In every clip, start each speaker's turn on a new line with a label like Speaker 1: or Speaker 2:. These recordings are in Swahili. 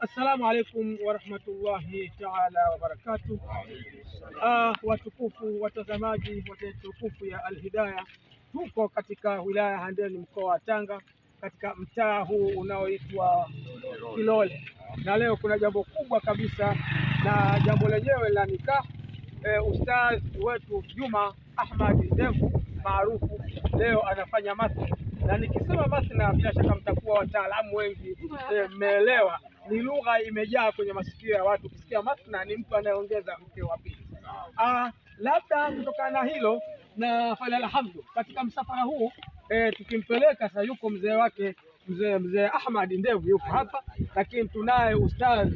Speaker 1: Assalamu alaikum warahmatullahi taala wabarakatu Ah, watukufu watazamaji wa tukufu ya Alhidaya, tuko katika wilaya Handeni, mkoa wa Tanga, katika mtaa huu unaoitwa Kilole, na leo kuna jambo kubwa kabisa, na jambo lenyewe la nikaha e, eh, ustadhi wetu Juma Ahmad Ndevu maarufu leo anafanya masi na nikisema basi, na bila shaka mtakuwa wataalamu wengi, eh, mmeelewa. Ni lugha imejaa kwenye masikio ya watu, ukisikia masna ni mtu anayeongeza mke wa pili. Ah, labda kutokana na hilo na falalhamdu katika msafara huu e, tukimpeleka sasa, yuko mzee wake mzee mzee Ahmad Ndevu yuko hapa, lakini tunaye ustaz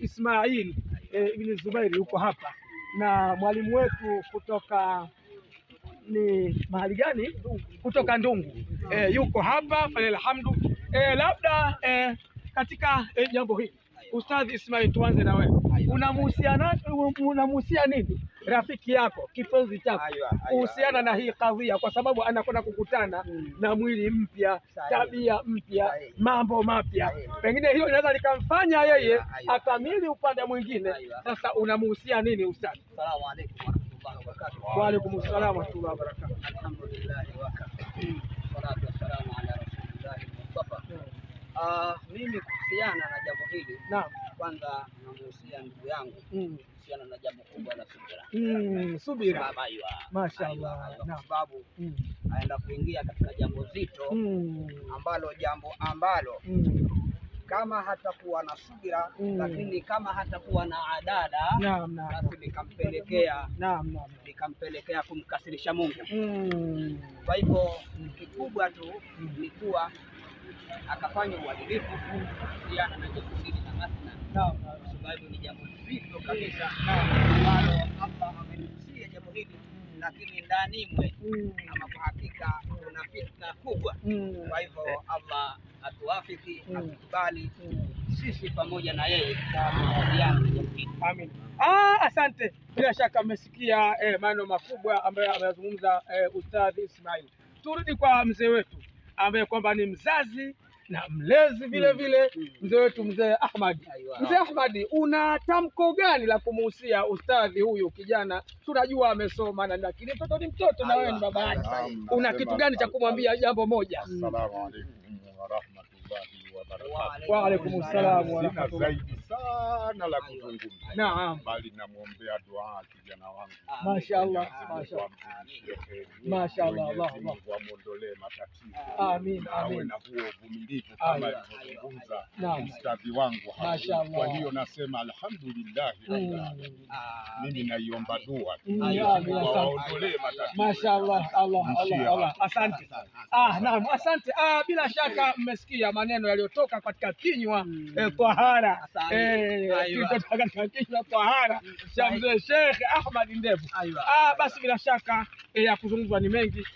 Speaker 1: Ismail e, ibn Zubairi yuko hapa na mwalimu wetu kutoka ni mahali gani? Kutoka Ndungu e, yuko hapa Hamdu. E, eh, labda e, katika e, jambo hili Ustadhi Ismail, tuanze na wewe. Unamuhusia nini rafiki yako kipenzi chako kuhusiana na hii kadhia, kwa sababu anakwenda kukutana hmm, na mwili mpya, tabia mpya, mambo mapya, pengine hiyo inaweza likamfanya yeye akamili upande mwingine. Sasa unamuhusia nini Ustadhi?
Speaker 2: Salamu alaykum. Wa salaam
Speaker 1: wa rahmatullahi
Speaker 2: wassalamu ala Mustafa. Mimi kuhusiana na jambo hili, naam, kwanza namuhusia ndugu yangu mm. kuhusiana na jambo kubwa la subira,
Speaker 1: mm, subira, mashaallah, kwa
Speaker 2: sababu mm. aenda kuingia katika jambo zito ambalo jambo ambalo kama hatakuwa na subira mm. Lakini kama hatakuwa na adada naam, naam, basi nikampelekea naam, naam, nikampelekea kumkasirisha Mungu
Speaker 1: mm.
Speaker 2: Kwa hivyo kikubwa tu ni kuwa akafanya uadilifu kuhusiana na hili na masna, kwa sababu ni jambo zito kabisa ambalo hapa ameligusia jambo hili, lakini ndani mwe, mm. ama kwa hakika kuna fitna kubwa. Mm. Kwa hivyo Allah atuafiki mm. atukubali mm. sisi pamoja na yeye
Speaker 1: Amin. Ah, asante. Bila shaka mmesikia eh, maneno makubwa ambayo ameyazungumza eh, Ustadhi Ismail. Turudi kwa mzee wetu ambaye kwamba ni mzazi na mlezi vile mm. vile mm. mzee wetu mzee Ahmad. Mzee Ahmad, una tamko gani la kumuhusia ustadhi huyu kijana? Tunajua amesoma na lakini mtoto ni mtoto na wewe ni baba yake. Una kitu gani cha kumwambia jambo moja?
Speaker 2: Asalamu alaykum. ورحمة الله وبركاته
Speaker 1: وعليكم السلام ورحمة
Speaker 2: الله sana la kuzungumza. Naam. Bali namwombea dua kijana wangu.
Speaker 1: Mashaallah, mashaallah. Mashaallah, Allah Allah.
Speaker 2: Wamwondolee matatizo.
Speaker 1: Amin, amin. Na
Speaker 2: huo uvumilivu kama alivyozungumza mstavi wangu. hapo.
Speaker 1: Mashaallah. Kwa
Speaker 2: hiyo nasema alhamdulillah mm.
Speaker 1: rabbil alamin.
Speaker 2: Mimi naiomba dua. Mm, Waondolee matatizo.
Speaker 1: Mashaallah, Allah Allah Allah. Asante sana. Ah, naam, asante. Ah, bila shaka mmesikia maneno yaliyotoka katika kinywa mm. eh, kwa hara tutahakikisha tahara cha mzee Sheikh Ahmad Ndevu. Ah, basi bila shaka eh, ya kuzungumzwa ni mengi,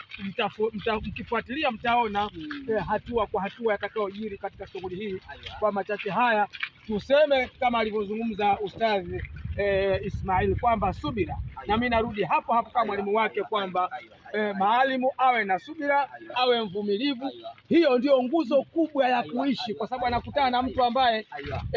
Speaker 1: mkifuatilia mtaona hmm. eh, hatua kwa hatua yatakayojiri katika shughuli hii. Kwa machache haya tuseme kama alivyozungumza ustadhi eh, Ismail kwamba subira na mimi narudi hapo hapo kama mwalimu wake kwamba e, maalimu awe na subira, awe mvumilivu. Hiyo ndio nguzo kubwa ya kuishi, kwa sababu anakutana na mtu ambaye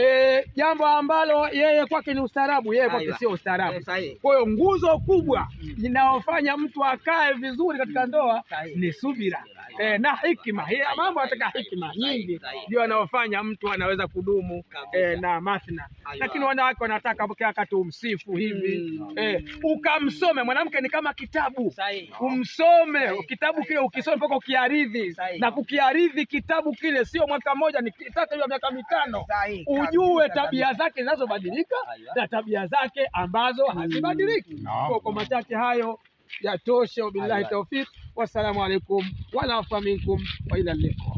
Speaker 1: e, jambo ambalo yeye kwake ni ustaarabu, yeye kwake sio ustaarabu. Eh, kwa hiyo nguzo kubwa inayofanya mtu akae vizuri katika ndoa ni subira e, na hikima. Mambo yataka hikima nyingi, ndio anayofanya mtu anaweza kudumu e, na mathna, lakini wanawake wanataka kila wakati umsifu hivi mm. eh, ukamsome. Mwanamke ni kama kitabu, umsome kitabu kile, ukisome mpaka ukiaridhi. Na kukiaridhi kitabu kile sio mwaka mmoja, ni tata ya miaka mitano, ujue tabia zake zinazobadilika na tabia zake ambazo mm. hazibadiliki. No, kwa machache hayo yatoshe. Wabillahi taufiki, wassalamu alaikum walafa minkum wa ila liqa.